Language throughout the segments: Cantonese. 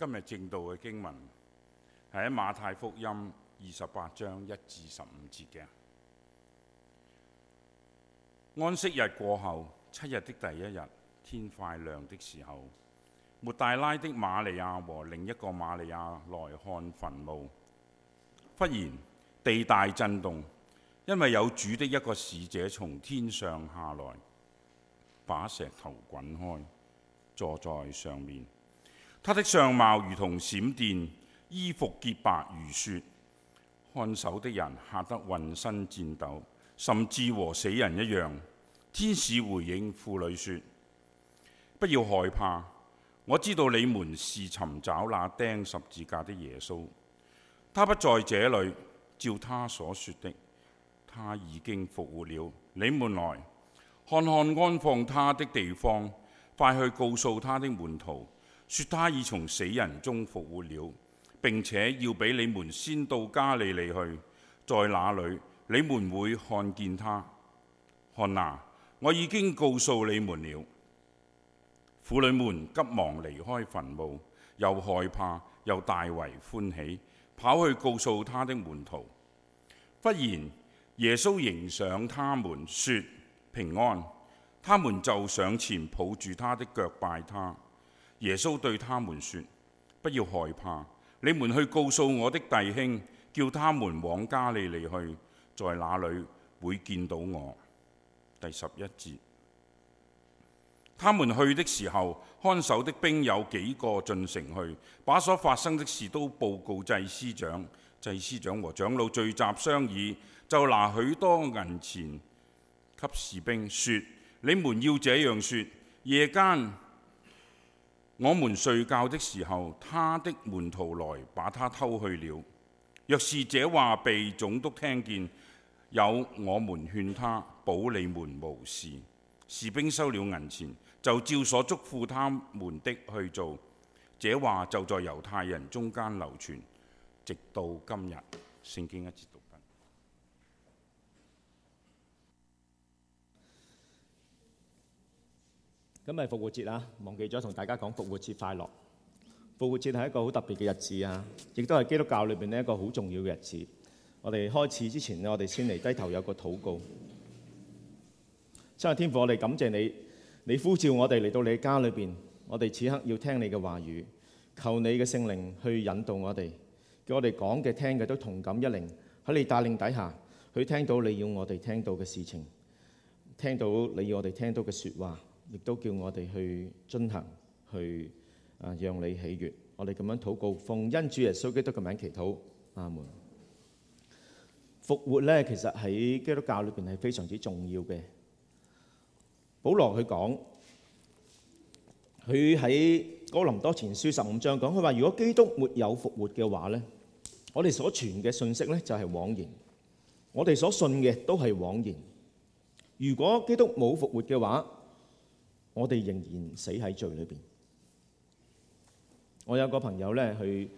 今日正道嘅經文係喺馬太福音二十八章一至十五節嘅。安息日過後，七日的第一日，天快亮的時候，抹大拉的馬利亞和另一個馬利亞來看墳墓。忽然地大震動，因為有主的一個使者從天上下來，把石頭滾開，坐在上面。他的相貌如同閃電，衣服潔白如雪。看守的人嚇得渾身戰抖，甚至和死人一樣。天使回應婦女說：不要害怕，我知道你們是尋找那釘十字架的耶穌。他不在這裡，照他所說的，他已經復活了。你們來看看安放他的地方，快去告訴他的門徒。說他已從死人中復活了，並且要俾你們先到加利利去，在那裏你們會看見他。看哪，我已經告訴你們了。婦女們急忙離開墳墓，又害怕又大為歡喜，跑去告訴他的門徒。忽然耶穌迎上他們，說，平安。他們就上前抱住他的腳拜他。耶穌對他們説：不要害怕，你們去告訴我的弟兄，叫他們往加利利去，在那裡會見到我。第十一節。他們去的時候，看守的兵有幾個進城去，把所發生的事都報告祭司長。祭司長和長老聚集商議，就拿許多銀錢給士兵説：你們要這樣説，夜間。我們睡覺的時候，他的門徒來把他偷去了。若是這話被總督聽見，有我們勸他，保你們無事。士兵收了銀錢，就照所囑咐他們的去做。這話就在猶太人中間流傳，直到今日。聖經一今日復活節啊，忘記咗同大家講復活節快樂。復活節係一個好特別嘅日子啊，亦都係基督教裏邊呢一個好重要嘅日子。我哋開始之前呢，我哋先嚟低頭有個禱告。親愛天父，我哋感謝你，你呼召我哋嚟到你家裏邊，我哋此刻要聽你嘅話語，求你嘅聖靈去引導我哋，叫我哋講嘅、聽嘅都同感一靈喺你帶領底下，去聽到你要我哋聽到嘅事情，聽到你要我哋聽到嘅説話。亦都叫我哋去進行，去啊讓你喜悅。我哋咁樣禱告，奉恩主耶穌基督嘅名祈禱，阿門。復活咧，其實喺基督教裏邊係非常之重要嘅。保羅佢講，佢喺哥林多前書十五章講，佢話：如果基督沒有復活嘅話咧，我哋所傳嘅信息咧就係枉然，我哋所信嘅都係枉然。如果基督冇復活嘅話，我哋仍然死喺罪裏邊。我有個朋友咧，佢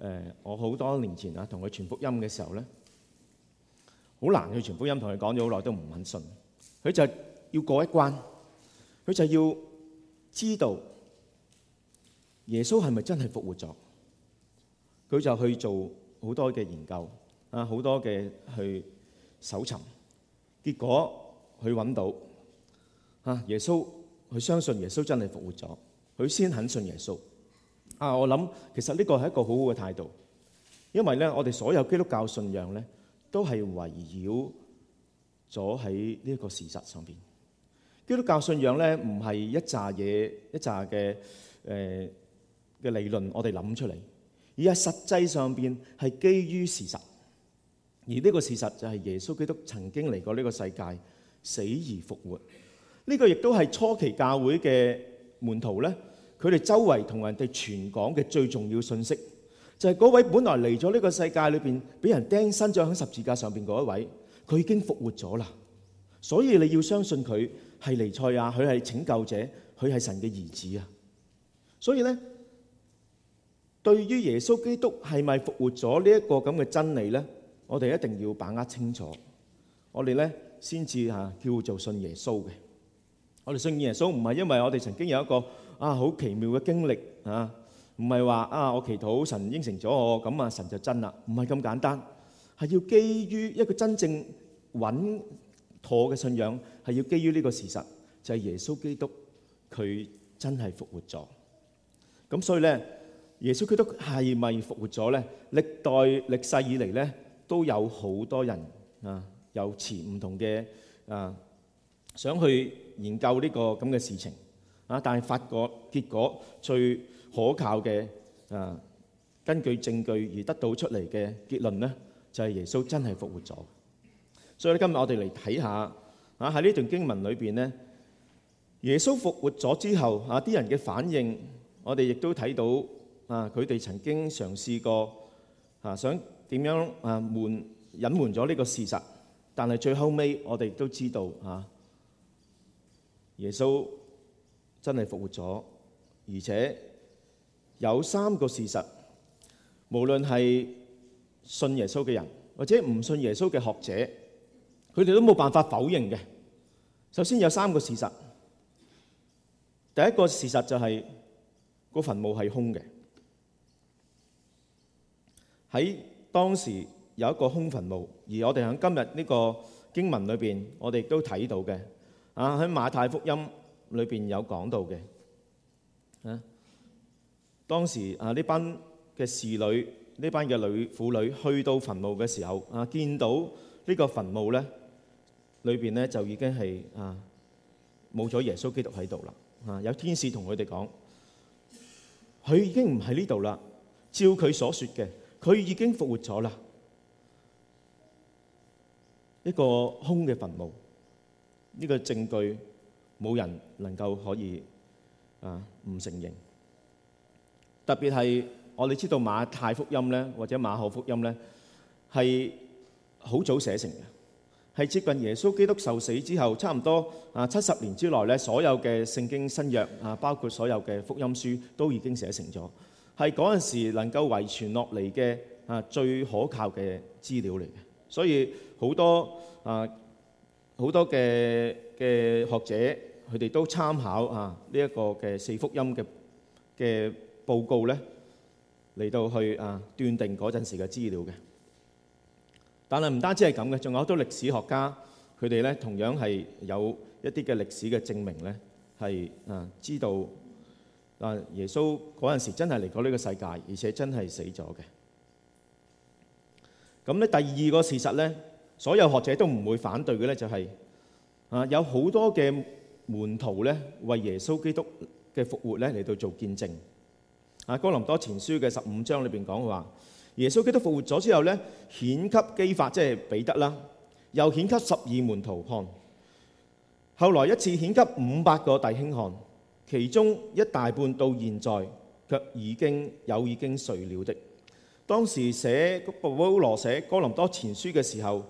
誒我好多年前啊，同佢傳福音嘅時候咧，好難去傳福音，同佢講咗好耐都唔肯信。佢就要過一關，佢就要知道耶穌係咪真係復活咗？佢就去做好多嘅研究啊，好多嘅去搜尋，結果佢揾到啊耶穌。佢相信耶穌真係復活咗，佢先肯信耶穌。啊，我諗其實呢個係一個好好嘅態度，因為咧，我哋所有基督教信仰咧，都係圍繞咗喺呢一個事實上邊。基督教信仰咧，唔係一揸嘢一揸嘅誒嘅理論，我哋諗出嚟，而係實際上邊係基於事實。而呢個事實就係耶穌基督曾經嚟過呢個世界，死而復活。呢個亦都係初期教會嘅門徒咧，佢哋周圍同人哋傳講嘅最重要信息就係嗰位本來嚟咗呢個世界裏邊俾人釘身咗喺十字架上邊嗰一位，佢已經復活咗啦。所以你要相信佢係彌賽亞，佢係拯救者，佢係神嘅兒子啊。所以咧，對於耶穌基督係咪復活咗呢一個咁嘅真理咧，我哋一定要把握清楚，我哋咧先至啊叫做信耶穌嘅。我哋信耶穌唔係因為我哋曾經有一個啊好奇妙嘅經歷啊，唔係話啊我祈禱神應承咗我，咁啊神就真啦，唔係咁簡單，係要基於一個真正穩妥嘅信仰，係要基於呢個事實，就係耶穌基督佢真係復活咗。咁所以咧，耶穌基督係咪復活咗咧？歷代歷世以嚟咧，都有好多人啊有持唔同嘅啊想去。研究呢個咁嘅事情啊，但係發覺結果最可靠嘅啊，根據證據而得到出嚟嘅結論咧，就係耶穌真係復活咗。所以咧，今日我哋嚟睇下啊，喺呢段經文裏邊咧，耶穌復活咗之後啊，啲人嘅反應，我哋亦都睇到啊，佢哋曾經嘗試過啊，想點樣啊，瞞隱瞞咗呢個事實，但係最後尾我哋都知道啊。耶穌真係復活咗，而且有三個事實，無論係信耶穌嘅人或者唔信耶穌嘅學者，佢哋都冇辦法否認嘅。首先有三個事實，第一個事實就係個墳墓係空嘅。喺當時有一個空墳墓，而我哋喺今日呢個經文裏邊，我哋都睇到嘅。啊！喺馬太福音裏邊有講到嘅，啊，當時啊呢班嘅侍女，呢班嘅女婦女去到墳墓嘅時候，啊見到呢個墳墓咧，裏邊咧就已經係啊冇咗耶穌基督喺度啦。啊，有天使同佢哋講，佢已經唔喺呢度啦。照佢所說嘅，佢已經復活咗啦，一個空嘅墳墓。呢個證據冇人能夠可以啊唔承認，特別係我哋知道馬太福音咧，或者馬可福音咧，係好早寫成嘅，係接近耶穌基督受死之後，差唔多啊七十年之內咧，所有嘅聖經新約啊，包括所有嘅福音書都已經寫成咗，係嗰陣時能夠遺傳落嚟嘅啊最可靠嘅資料嚟嘅，所以好多啊。好多嘅嘅學者，佢哋都參考啊呢一個嘅四福音嘅嘅報告咧，嚟到去啊斷定嗰陣時嘅資料嘅。但係唔單止係咁嘅，仲有好多歷史學家佢哋咧，同樣係有一啲嘅歷史嘅證明咧，係啊知道啊耶穌嗰陣時真係嚟過呢個世界，而且真係死咗嘅。咁咧第二個事實咧。所有學者都唔會反對嘅咧，就係啊，有好多嘅門徒咧，為耶穌基督嘅復活咧嚟到做見證。啊，《哥林多前書》嘅十五章裏邊講話，耶穌基督復活咗之後咧，顯給基法即係彼得啦，又顯給十二門徒看。後來一次顯給五百個弟兄看，其中一大半到現在卻已經有已經睡了的。當時寫保羅寫《哥林多前書》嘅時候。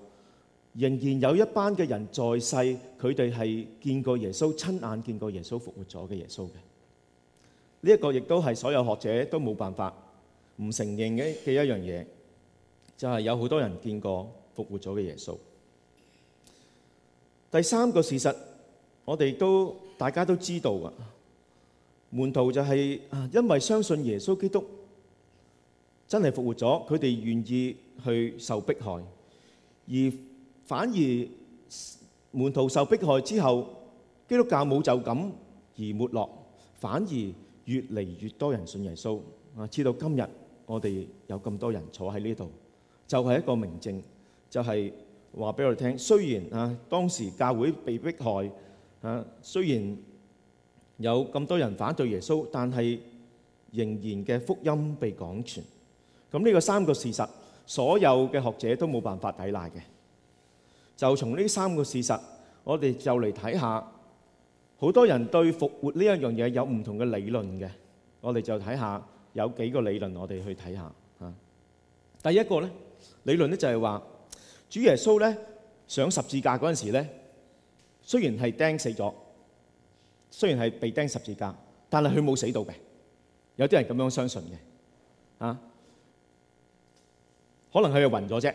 仍然有一班嘅人在世，佢哋係見過耶穌、親眼見過耶穌復活咗嘅耶穌嘅。呢一個亦都係所有學者都冇辦法唔承認嘅嘅一樣嘢，就係有好多人見過復活咗嘅耶穌。第三個事實，我哋都大家都知道啊。門徒就係因為相信耶穌基督真係復活咗，佢哋願意去受迫害而。反而門徒受迫害之後，基督教冇就咁而沒落，反而越嚟越多人信耶穌啊！至到今日，我哋有咁多人坐喺呢度，就係一個明證，就係話俾我哋聽。雖然啊，當時教會被迫害啊，雖然有咁多人反對耶穌，但係仍然嘅福音被講傳。咁呢個三個事實，所有嘅學者都冇辦法抵賴嘅。就從呢三個事實，我哋就嚟睇下，好多人對復活呢一樣嘢有唔同嘅理論嘅。我哋就睇下有幾個理論，我哋去睇下嚇。第一個咧，理論咧就係話，主耶穌咧上十字架嗰陣時咧，雖然係釘死咗，雖然係被釘十字架，但係佢冇死到嘅。有啲人咁樣相信嘅，啊，可能佢係暈咗啫。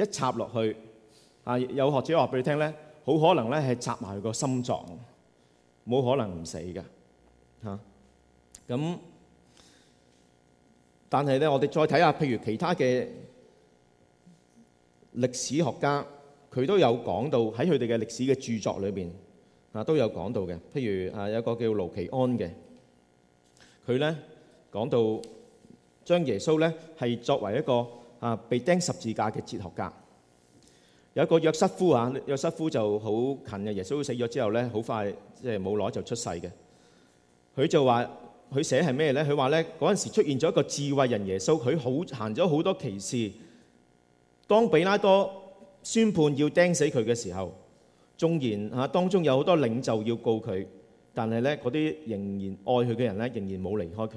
一插落去，啊，有學者話俾你聽咧，好可能咧係插埋佢個心臟，冇可能唔死㗎吓。咁但係咧，我哋再睇下，譬如其他嘅歷史學家，佢都有講到喺佢哋嘅歷史嘅著作裏邊啊都有講到嘅。譬如啊，有一個叫盧奇安嘅，佢咧講到將耶穌咧係作為一個。啊！被釘十字架嘅哲學家有一個約瑟夫啊，約瑟夫就好近嘅。耶穌死咗之後咧，好快即係冇耐就出世嘅。佢就話：佢寫係咩咧？佢話咧嗰陣時出現咗一個智慧人耶穌，佢好行咗好多奇事。當比拉多宣判要釘死佢嘅時候，縱然嚇當中有好多領袖要告佢，但係咧嗰啲仍然愛佢嘅人咧，仍然冇離開佢。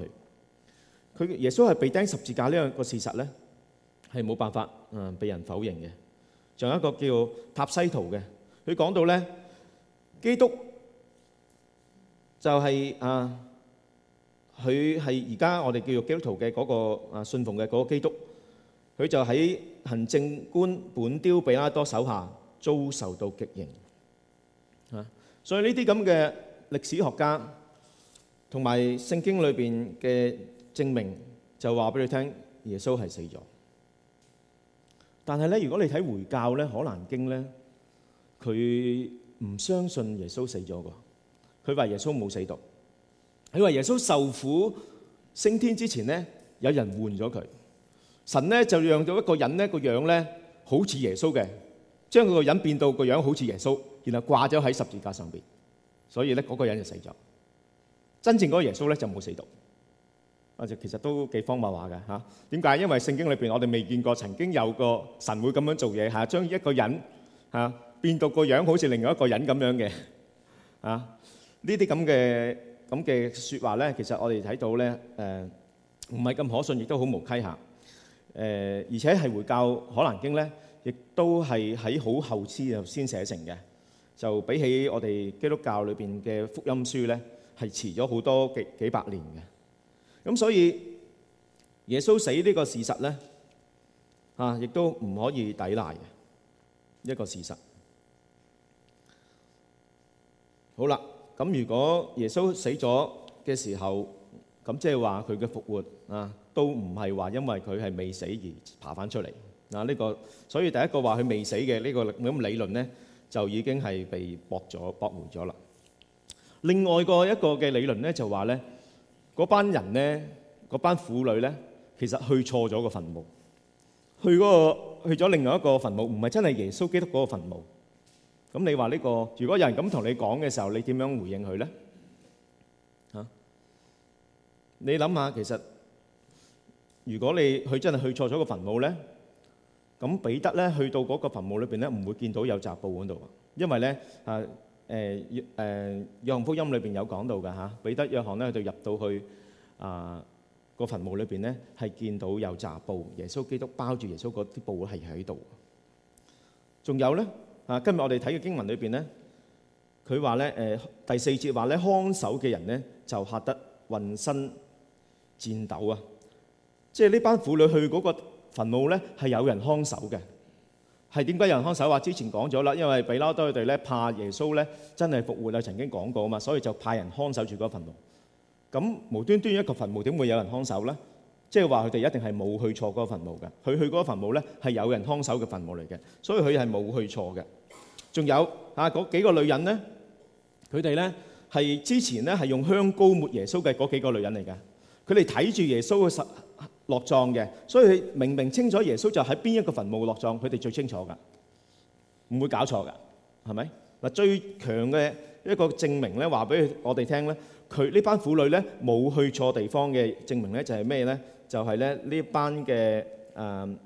佢耶穌係被釘十字架呢樣個事實咧。係冇辦法，嗯，被人否認嘅。仲有一個叫塔西圖嘅，佢講到咧，基督就係啊，佢係而家我哋叫做基督徒嘅嗰個啊，信奉嘅嗰個基督，佢就喺行政官本丟彼拉多手下遭受到極刑啊！所以呢啲咁嘅歷史學家同埋聖經裏邊嘅證明，就話俾你聽，耶穌係死咗。但係咧，如果你睇回教咧，《可蘭經》咧，佢唔相信耶穌死咗喎。佢話耶穌冇死到。佢話耶穌受苦升天之前咧，有人換咗佢。神咧就讓咗一個人咧個樣咧，好似耶穌嘅，將嗰個人變到個樣好似耶穌，然後掛咗喺十字架上面。所以咧，嗰個人就死咗。真正嗰個耶穌咧就冇死到。我就其實都幾荒謬話嘅嚇，點解？因為聖經裏邊我哋未見過曾經有個神會咁樣做嘢嚇，將一個人嚇變到個樣好似另外一個人咁樣嘅啊！呢啲咁嘅咁嘅説話咧，其實我哋睇到咧誒，唔係咁可信，亦都好無稽嚇。誒，而且係回教可蘭經咧，亦都係喺好後期就先寫成嘅，就比起我哋基督教裏邊嘅福音書咧，係遲咗好多幾幾百年嘅。咁所以耶穌死呢個事實咧，啊亦都唔可以抵賴嘅一個事實。好啦，咁如果耶穌死咗嘅時候，咁即係話佢嘅復活啊，都唔係話因為佢係未死而爬翻出嚟啊呢個。所以第一個話佢未死嘅呢個咁理論咧，就已經係被駁咗、駁回咗啦。另外個一個嘅理論咧，就話咧。嗰班人咧，嗰班婦女咧，其實去錯咗個墳墓，去嗰個去咗另外一個墳墓，唔係真係耶穌基督嗰個墳墓。咁你話呢個，如果有人咁同你講嘅時候，你點樣回應佢咧？嚇！你諗下，其實如果你佢真係去錯咗個墳墓咧，咁彼得咧去到嗰個墳墓裏邊咧，唔會見到有雜布喺度，因為咧啊。誒約誒約翰福音裏邊有講到㗎吓，彼得約翰咧就入到去啊個墳墓裏邊咧，係見到有紮布，耶穌基督包住耶穌嗰啲布咧係喺度。仲有咧啊，今日我哋睇嘅經文裏邊咧，佢話咧誒第四節話咧，看守嘅人咧就嚇得渾身顫抖啊！即係呢班婦女去嗰個墳墓咧，係有人看守嘅。係點解有人看守？話之前講咗啦，因為比拉多佢哋咧怕耶穌咧真係復活啦，曾經講過啊嘛，所以就派人看守住嗰個墳墓。咁無端端一個墳墓點會有人看守咧？即係話佢哋一定係冇去錯嗰個墳墓嘅。佢去嗰個墳墓咧係有人看守嘅墳墓嚟嘅，所以佢係冇去錯嘅。仲有啊嗰幾個女人咧，佢哋咧係之前咧係用香膏抹耶穌嘅嗰幾個女人嚟嘅，佢哋睇住耶穌嘅實，落葬嘅，所以佢明明清楚耶穌就喺邊一個墳墓落葬，佢哋最清楚噶，唔會搞錯噶，係咪？嗱，最強嘅一個證明咧，話俾我哋聽咧，佢呢班婦女咧冇去錯地方嘅證明咧，就係咩咧？就係咧呢班嘅誒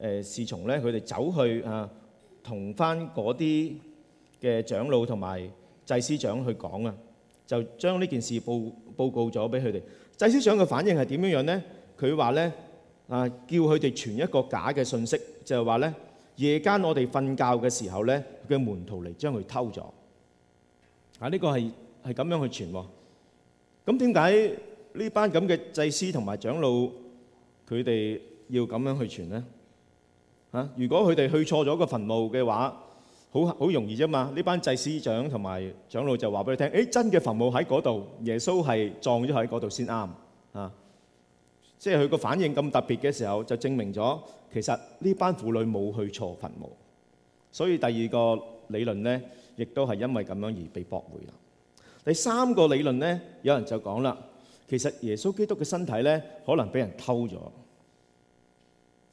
誒侍從咧，佢哋走去啊同翻嗰啲嘅長老同埋祭司長去講啊，就將呢件事報報告咗俾佢哋。祭司長嘅反應係點樣樣咧？佢話咧啊，叫佢哋傳一個假嘅信息，就係話咧，夜間我哋瞓覺嘅時候咧，佢嘅門徒嚟將佢偷咗嚇，呢個係係咁樣去傳喎。咁點解呢班咁嘅祭司同埋長老佢哋要咁樣去傳咧嚇？如果佢哋去錯咗個墳墓嘅話，好好容易啫嘛。呢班祭司長同埋長老就話俾佢聽，誒真嘅墳墓喺嗰度，耶穌係葬咗喺嗰度先啱啊。即係佢個反應咁特別嘅時候，就證明咗其實呢班婦女冇去錯墳墓。所以第二個理論咧，亦都係因為咁樣而被駁回啦。第三個理論咧，有人就講啦，其實耶穌基督嘅身體咧，可能俾人偷咗，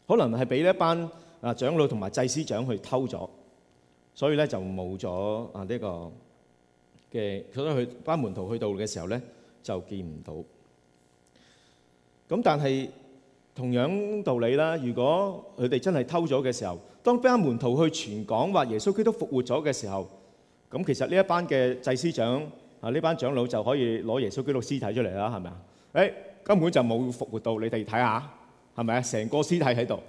可能係俾一班啊長老同埋祭司長去偷咗，所以咧就冇咗啊呢個嘅，所以佢班門徒去到嘅時候咧，就見唔到。咁但係同樣道理啦，如果佢哋真係偷咗嘅時候，當班門徒去傳講話耶穌基督復活咗嘅時候，咁其實呢一班嘅祭司長啊呢班長老就可以攞耶穌基督屍體出嚟啦，係咪啊？誒根本就冇復活到，你哋睇下係咪啊？成個屍體喺度，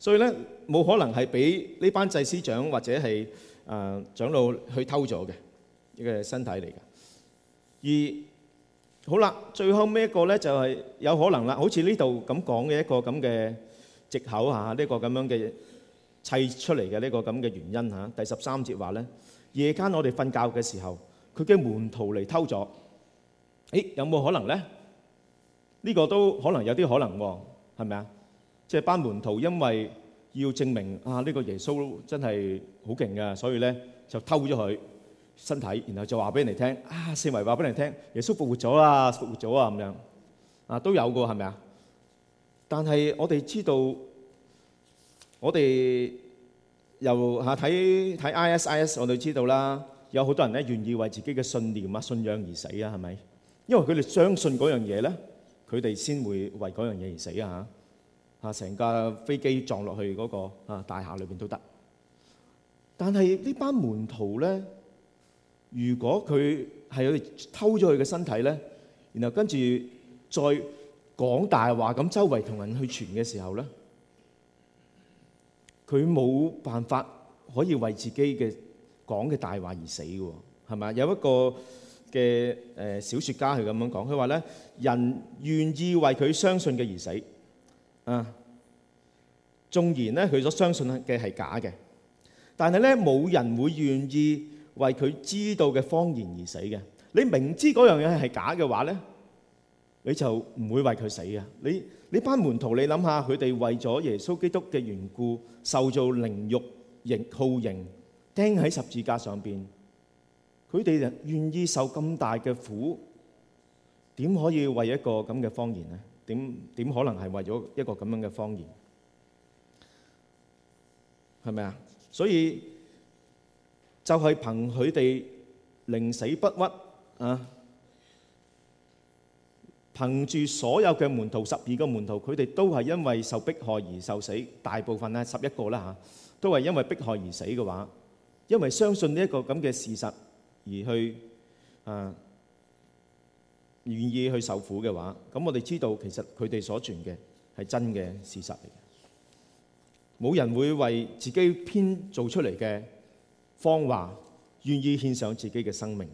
所以咧冇可能係俾呢班祭司長或者係誒長老去偷咗嘅呢個身體嚟㗎。而好啦，最後尾一個咧？就係有可能啦，好似呢度咁講嘅一個咁嘅藉口嚇，呢個咁樣嘅砌出嚟嘅呢個咁嘅原因嚇。第十三節話咧，夜間我哋瞓覺嘅時候，佢嘅門徒嚟偷咗。誒，有冇可能咧？呢個都可能有啲可能喎，係咪啊？即係班門徒因為要證明啊，呢個耶穌真係好勁㗎，所以咧就偷咗佢。身體，然後就話俾你聽啊！四圍話俾你聽，耶穌復活咗啦，復活咗啊！咁樣啊，都有個係咪啊？但係我哋知道，我哋又嚇睇睇 I S I S，我哋知道啦，有好多人咧願意為自己嘅信念啊、信仰而死啊，係咪？因為佢哋相信嗰樣嘢咧，佢哋先會為嗰樣嘢而死啊！嚇嚇，成架飛機撞落去嗰個啊大廈裏邊都得，但係呢班門徒咧。如果佢係去偷咗佢嘅身體咧，然後跟住再講大話咁，周圍同人去傳嘅時候咧，佢冇辦法可以為自己嘅講嘅大話而死嘅喎，係咪啊？有一個嘅誒小説家係咁樣講，佢話咧，人願意為佢相信嘅而死啊。縱然咧佢所相信嘅係假嘅，但係咧冇人會願意。為佢知道嘅謊言而死嘅。你明知嗰樣嘢係假嘅話呢，你就唔會為佢死嘅。你你班門徒，你諗下佢哋為咗耶穌基督嘅緣故，受造凌辱刑酷刑，釘喺十字架上邊，佢哋就願意受咁大嘅苦，點可以為一個咁嘅謊言呢？點點可能係為咗一個咁樣嘅謊言？係咪啊？所以。就係憑佢哋寧死不屈啊！憑住所有嘅門徒十二個門徒，佢哋都係因為受迫害而受死。大部分啊十一個啦嚇都係因為迫害而死嘅話，因為相信呢一個咁嘅事實而去願、啊、願意去受苦嘅話，咁我哋知道其實佢哋所傳嘅係真嘅事實嚟嘅。冇人會為自己編造出嚟嘅。方話願意獻上自己嘅生命，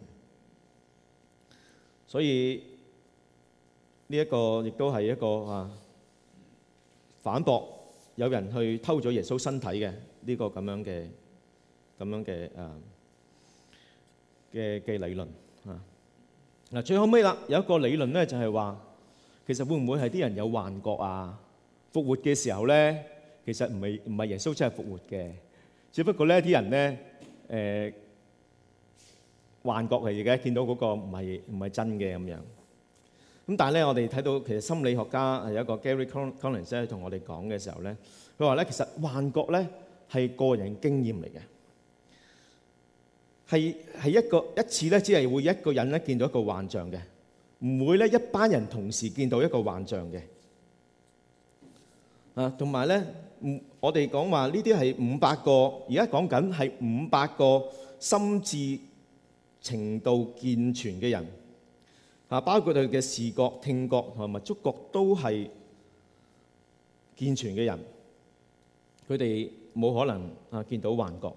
所以呢、呢個、一個亦都係一個啊反駁有人去偷咗耶穌身體嘅呢、呢個咁樣嘅咁樣嘅誒嘅嘅理論啊。嗱，最後尾啦有一個理論咧就係、係、話其實會唔會係啲人有幻覺，啊復活嘅時候咧其實唔係唔係耶穌真係復活嘅，只不過呢啲人咧。誒幻覺係而家見到嗰個唔係唔係真嘅咁樣，咁但係咧，我哋睇到其實心理學家係有一個 Gary Collins 咧同我哋講嘅時候咧，佢話咧其實幻覺咧係個人經驗嚟嘅，係係一個一次咧只係會一個人咧見到一個幻象嘅，唔會咧一班人同時見到一個幻象嘅，啊同埋咧。嗯，我哋講話呢啲係五百個，而家講緊係五百個心智程度健全嘅人，啊包括佢嘅視覺、聽覺同埋觸覺都係健全嘅人，佢哋冇可能啊見到幻覺。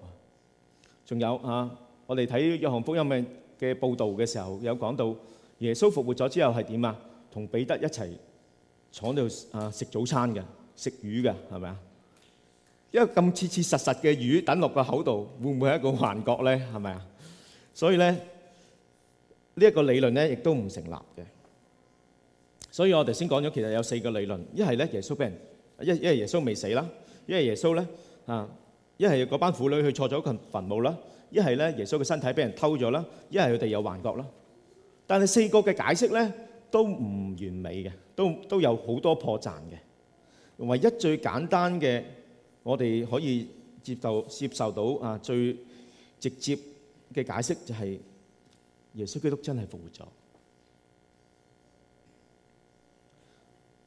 仲有啊，我哋睇《約翰福音》嘅嘅報導嘅時候，有講到耶穌復活咗之後係點啊？同彼得一齊坐喺度啊食早餐嘅，食魚嘅係咪啊？一個咁切切實實嘅魚等落個口度，會唔會係一個幻覺咧？係咪啊？所以咧，呢一個理論咧，亦都唔成立嘅。所以我頭先講咗，其實有四個理論：一係咧耶穌俾人一一係耶穌未死啦，一係耶穌咧嚇，一係嗰班婦女去錯咗個墳墓啦，一係咧耶穌嘅身體俾人偷咗啦，一係佢哋有幻覺啦。但係四個嘅解釋咧，都唔完美嘅，都都有好多破綻嘅。唯一最簡單嘅。我哋可以接受接受到啊，最直接嘅解釋就係耶穌基督真係復活咗。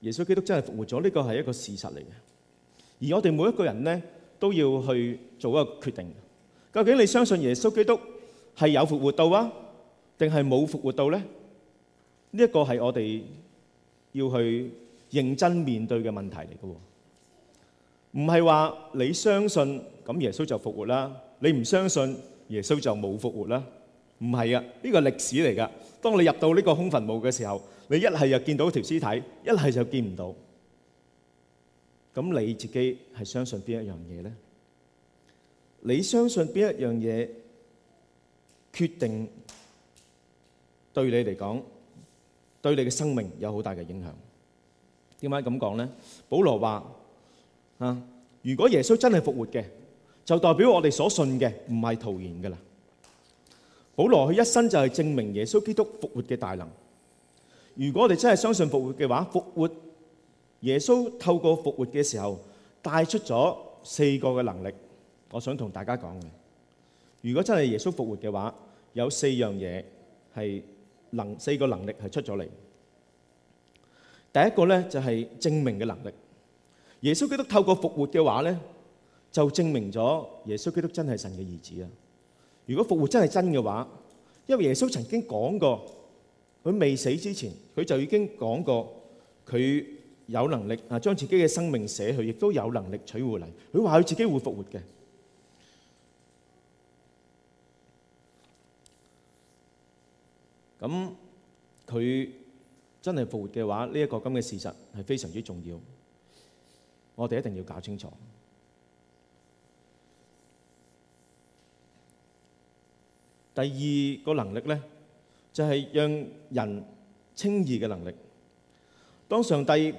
耶穌基督真係復活咗，呢個係一個事實嚟嘅。而我哋每一個人咧都要去做一個決定，究竟你相信耶穌基督係有復活到啊，定係冇復活到咧？呢一個係我哋要去認真面對嘅問題嚟嘅。唔係話你相信咁耶穌就復活啦，你唔相信耶穌就冇復活啦。唔係啊，呢個歷史嚟噶。當你入到呢個空墳墓嘅時候，你一係就見到條屍體，一係就見唔到。咁你自己係相信邊一樣嘢咧？你相信邊一樣嘢決定對你嚟講，對你嘅生命有好大嘅影響。點解咁講咧？保羅話。啊！如果耶穌真係復活嘅，就代表我哋所信嘅唔係徒然噶啦。保羅佢一生就係證明耶穌基督復活嘅大能。如果我哋真係相信復活嘅話，復活耶穌透過復活嘅時候帶出咗四個嘅能力，我想同大家講嘅。如果真係耶穌復活嘅話，有四樣嘢係能四個能力係出咗嚟。第一個咧就係證明嘅能力。耶穌基督透過復活嘅話咧，就證明咗耶穌基督真係神嘅兒子啊！如果復活真係真嘅話，因為耶穌曾經講過，佢未死之前，佢就已經講過佢有能力啊將自己嘅生命捨去，亦都有能力取回嚟。佢話佢自己會復活嘅。咁佢真係復活嘅話，呢、這、一個咁嘅事實係非常之重要。我哋一定要搞清楚。第二個能力呢，就係讓人稱義嘅能力。當上帝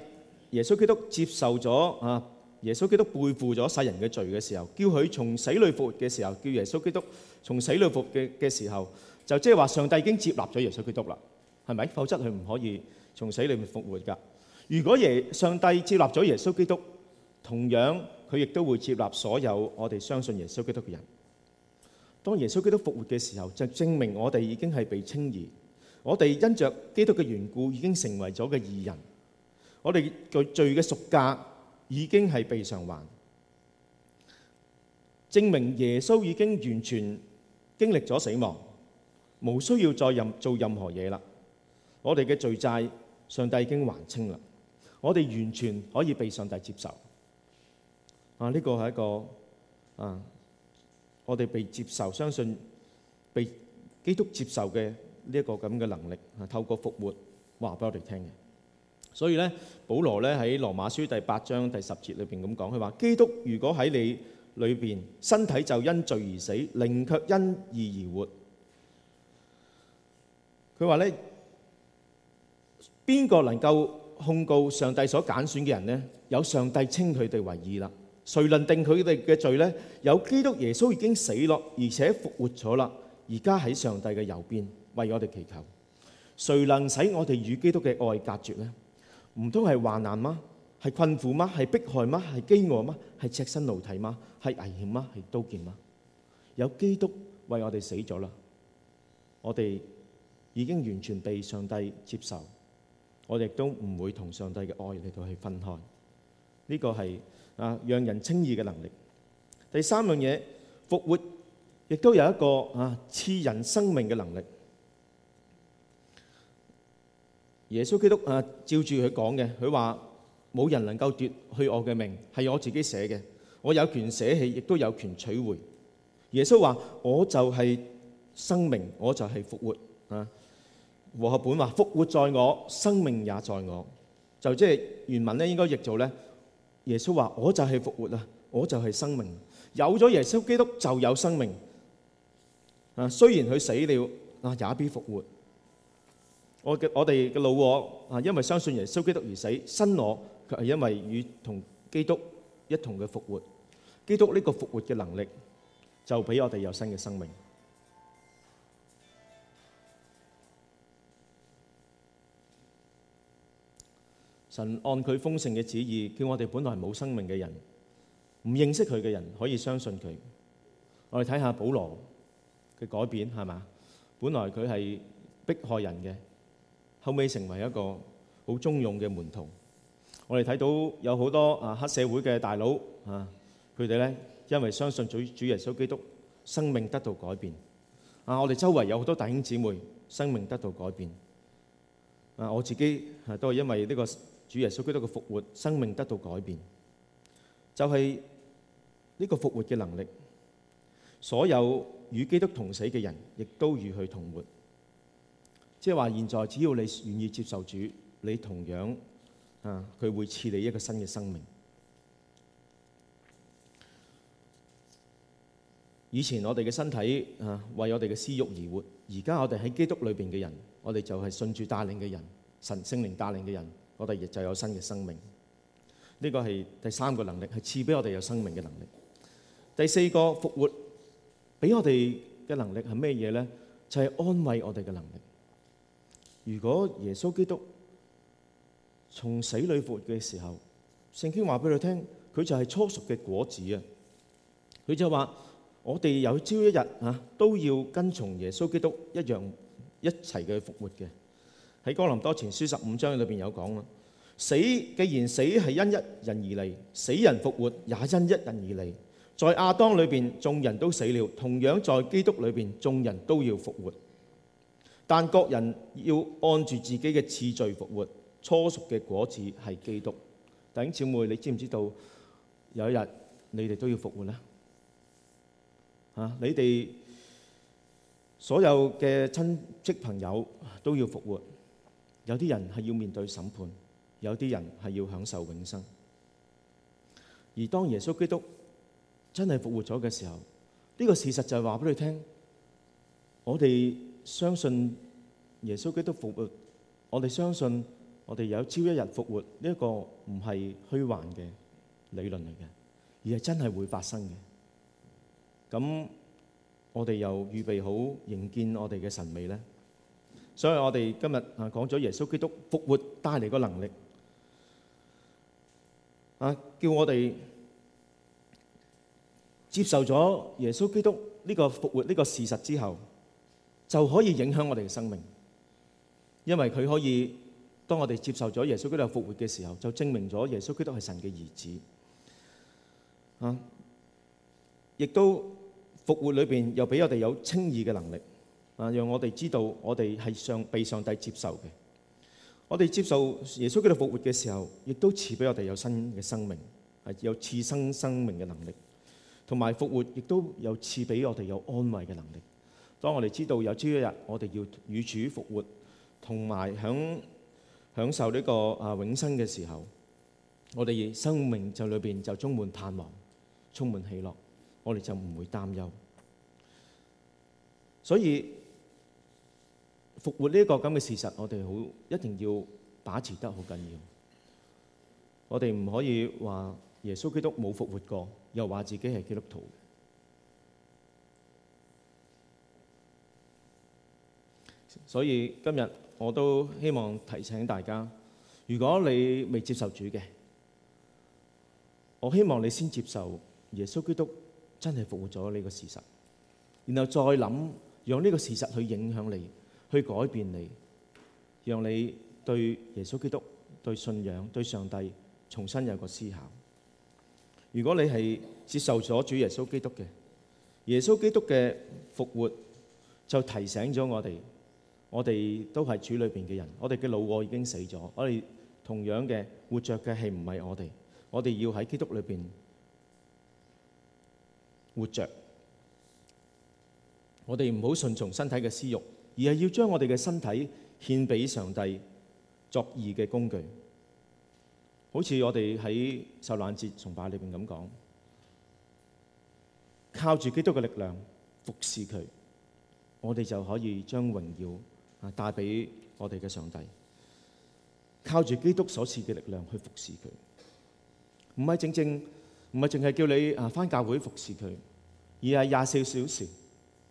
耶穌基督接受咗啊，耶穌基督背負咗世人嘅罪嘅時候，叫佢從死裏復活嘅時候，叫耶穌基督從死裏復活嘅嘅時候，就即係話上帝已經接納咗耶穌基督啦，係咪？否則佢唔可以從死裏復活㗎。如果耶上帝接納咗耶穌基督，同樣，佢亦都會接納所有我哋相信耶穌基督嘅人。當耶穌基督復活嘅時候，就證明我哋已經係被稱義，我哋因着基督嘅緣故已經成為咗個義人。我哋嘅罪嘅贖價已經係被償還，證明耶穌已經完全經歷咗死亡，無需要再任做任何嘢啦。我哋嘅罪債，上帝已經還清啦。我哋完全可以被上帝接受。啊！呢，這個係一個啊，我哋被接受，相信被基督接受嘅呢一個咁嘅能力啊，透過復活話俾我哋聽嘅。所以咧，保羅咧喺羅馬書第八章第十節裏邊咁講，佢話：基督如果喺你裏邊，身體就因罪而死，靈卻因義而活。佢話咧，邊個能夠控告上帝所揀選嘅人咧？有上帝稱佢哋為義啦。誰能定佢哋嘅罪呢？有基督耶穌已經死咯，而且復活咗啦，而家喺上帝嘅右邊為我哋祈求。誰能使我哋與基督嘅愛隔絕呢？唔通係患難嗎？係困苦嗎？係迫害嗎？係飢餓嗎？係赤身露體嗎？係危險嗎？係刀劍嗎？有基督為我哋死咗啦，我哋已經完全被上帝接受，我哋都唔會同上帝嘅愛嚟到去分開。呢個係。啊，讓人稱義嘅能力。第三樣嘢，復活，亦都有一個啊，賜人生命嘅能力。耶穌基督啊，照住佢講嘅，佢話冇人能夠奪去我嘅命，係我自己寫嘅，我有權捨棄，亦都有權取回。耶穌話：我就係生命，我就係復活。啊，和合本話復活在我，生命也在我。就即係原文咧，應該譯做咧。耶穌話：我就係復活啦，我就係生命。有咗耶穌基督就有生命。啊，雖然佢死了，啊也必復活。我嘅我哋嘅老我啊，因為相信耶穌基督而死，新我卻係因為與同基督一同嘅復活。基督呢個復活嘅能力，就俾我哋有新嘅生命。神按佢豐盛嘅旨意，叫我哋本來冇生命嘅人，唔認識佢嘅人可以相信佢。我哋睇下保羅嘅改變係嘛？本來佢係迫害人嘅，後尾成為一個好忠勇嘅門徒。我哋睇到有好多啊黑社會嘅大佬啊，佢哋咧因為相信主主耶穌基督，生命得到改變。啊，我哋周圍有好多弟兄姊妹生命得到改變。啊，我自己啊都係因為呢、呢個。主耶穌基督嘅復活，生命得到改變，就係呢個復活嘅能力。所有與基督同死嘅人，亦都與佢同活。即係話，現在只要你願意接受主，你同樣啊，佢會賜你一個新嘅生命。以前我哋嘅身體啊，為我哋嘅私欲而活；而家我哋喺基督裏邊嘅人，我哋就係順住帶領嘅人，神聖靈帶領嘅人。我哋亦就有新嘅生命，呢個係第三個能力，係賜俾我哋有生命嘅能力。第四個復活俾我哋嘅能力係咩嘢咧？就係安慰我哋嘅能力。如果耶穌基督從死裏復活嘅時候，聖經話俾佢聽，佢就係初熟嘅果子啊！佢就話：我哋有朝一日啊都要跟從耶穌基督一樣一齊嘅復活嘅。喺《哥林多前書》十五章裏邊有講啦，死既然死係因一人而嚟，死人復活也因一人而嚟。在亞當裏邊眾人都死了，同樣在基督裏邊眾人都要復活。但各人要按住自己嘅次序復活。初熟嘅果子係基督。弟兄姊妹，你知唔知道有一日你哋都要復活呢？啊，你哋所有嘅親戚朋友都要復活。有啲人係要面對審判，有啲人係要享受永生。而當耶穌基督真係復活咗嘅時候，呢個事實就係話俾你聽：我哋相信耶穌基督復活，我哋相信我哋有朝一日復活呢一個唔係虛幻嘅理論嚟嘅，而係真係會發生嘅。咁我哋又預備好迎見我哋嘅神未呢？所以我哋今日啊講咗耶穌基督復活帶嚟個能力，啊叫我哋接受咗耶穌基督呢個復活呢個事實之後，就可以影響我哋嘅生命，因為佢可以當我哋接受咗耶穌基督復活嘅時候，就證明咗耶穌基督係神嘅兒子，啊，亦都復活裏邊又俾我哋有稱義嘅能力。啊！讓我哋知道我哋係上被上帝接受嘅。我哋接受耶穌基督復活嘅時候，亦都賜俾我哋有新嘅生命，係有恆生生命嘅能力。同埋復活亦都有賜俾我哋有安慰嘅能力。當我哋知道有朝一日我哋要與主復活，同埋享享受呢個啊永生嘅時候，我哋生命就裏邊就充滿盼望，充滿喜樂，我哋就唔會擔憂。所以。復活呢個咁嘅事實，我哋好一定要把持得好緊要。我哋唔可以話耶穌基督冇復活過，又話自己係基督徒。所以今日我都希望提醒大家，如果你未接受主嘅，我希望你先接受耶穌基督真係復活咗呢個事實，然後再諗讓呢個事實去影響你。去改變你，讓你對耶穌基督、對信仰、對上帝重新有個思考。如果你係接受咗主耶穌基督嘅，耶穌基督嘅復活就提醒咗我哋，我哋都係主裏邊嘅人，我哋嘅老我已經死咗，我哋同樣嘅活著嘅係唔係我哋？我哋要喺基督裏邊活著，我哋唔好順從身體嘅私慾。而係要將我哋嘅身體獻俾上帝作義嘅工具，好似我哋喺受難節崇拜裏邊咁講，靠住基督嘅力量服侍佢，我哋就可以將榮耀啊帶俾我哋嘅上帝。靠住基督所賜嘅力量去服侍佢，唔係正正，唔係淨係叫你啊返教會服侍佢，而係廿四小時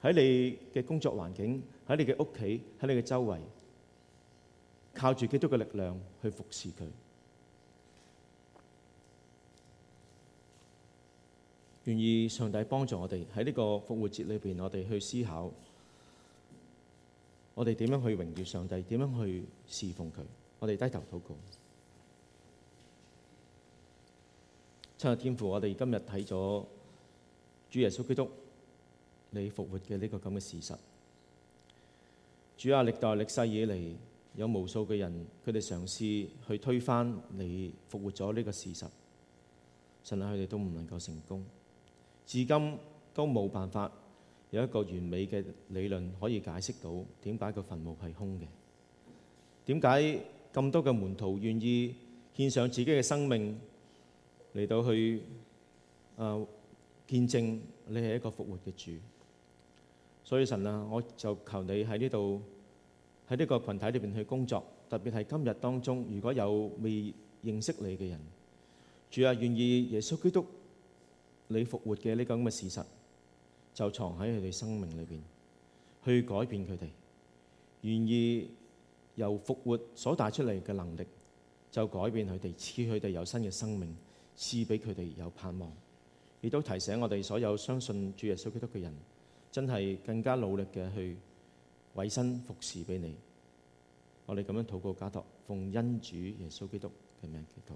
喺你嘅工作環境。喺你嘅屋企，喺你嘅周圍，靠住基督嘅力量去服侍佢。願意上帝幫助我哋喺呢個復活節裏邊，我哋去思考我哋點樣去榮耀上帝，點樣去侍奉佢。我哋低頭禱告。親愛天父，我哋今日睇咗主耶穌基督你復活嘅呢個咁嘅事實。主啊，歷代歷世以嚟，有無數嘅人，佢哋嘗試去推翻你復活咗呢個事實，神啊，佢哋都唔能夠成功，至今都冇辦法有一個完美嘅理論可以解釋到點解個墳墓係空嘅，點解咁多嘅門徒願意獻上自己嘅生命嚟到去啊見證你係一個復活嘅主。所以神啊，我就求你喺呢度喺呢個群體裏邊去工作，特別係今日當中，如果有未認識你嘅人，主啊，願意耶穌基督你復活嘅呢個咁嘅事實，就藏喺佢哋生命裏邊去改變佢哋，願意由復活所帶出嚟嘅能力，就改變佢哋，賜佢哋有新嘅生命，賜俾佢哋有盼望。亦都提醒我哋所有相信主耶穌基督嘅人。真係更加努力嘅去委身服侍俾你，我哋咁樣禱告交託奉恩主耶穌基督嘅名祈禱。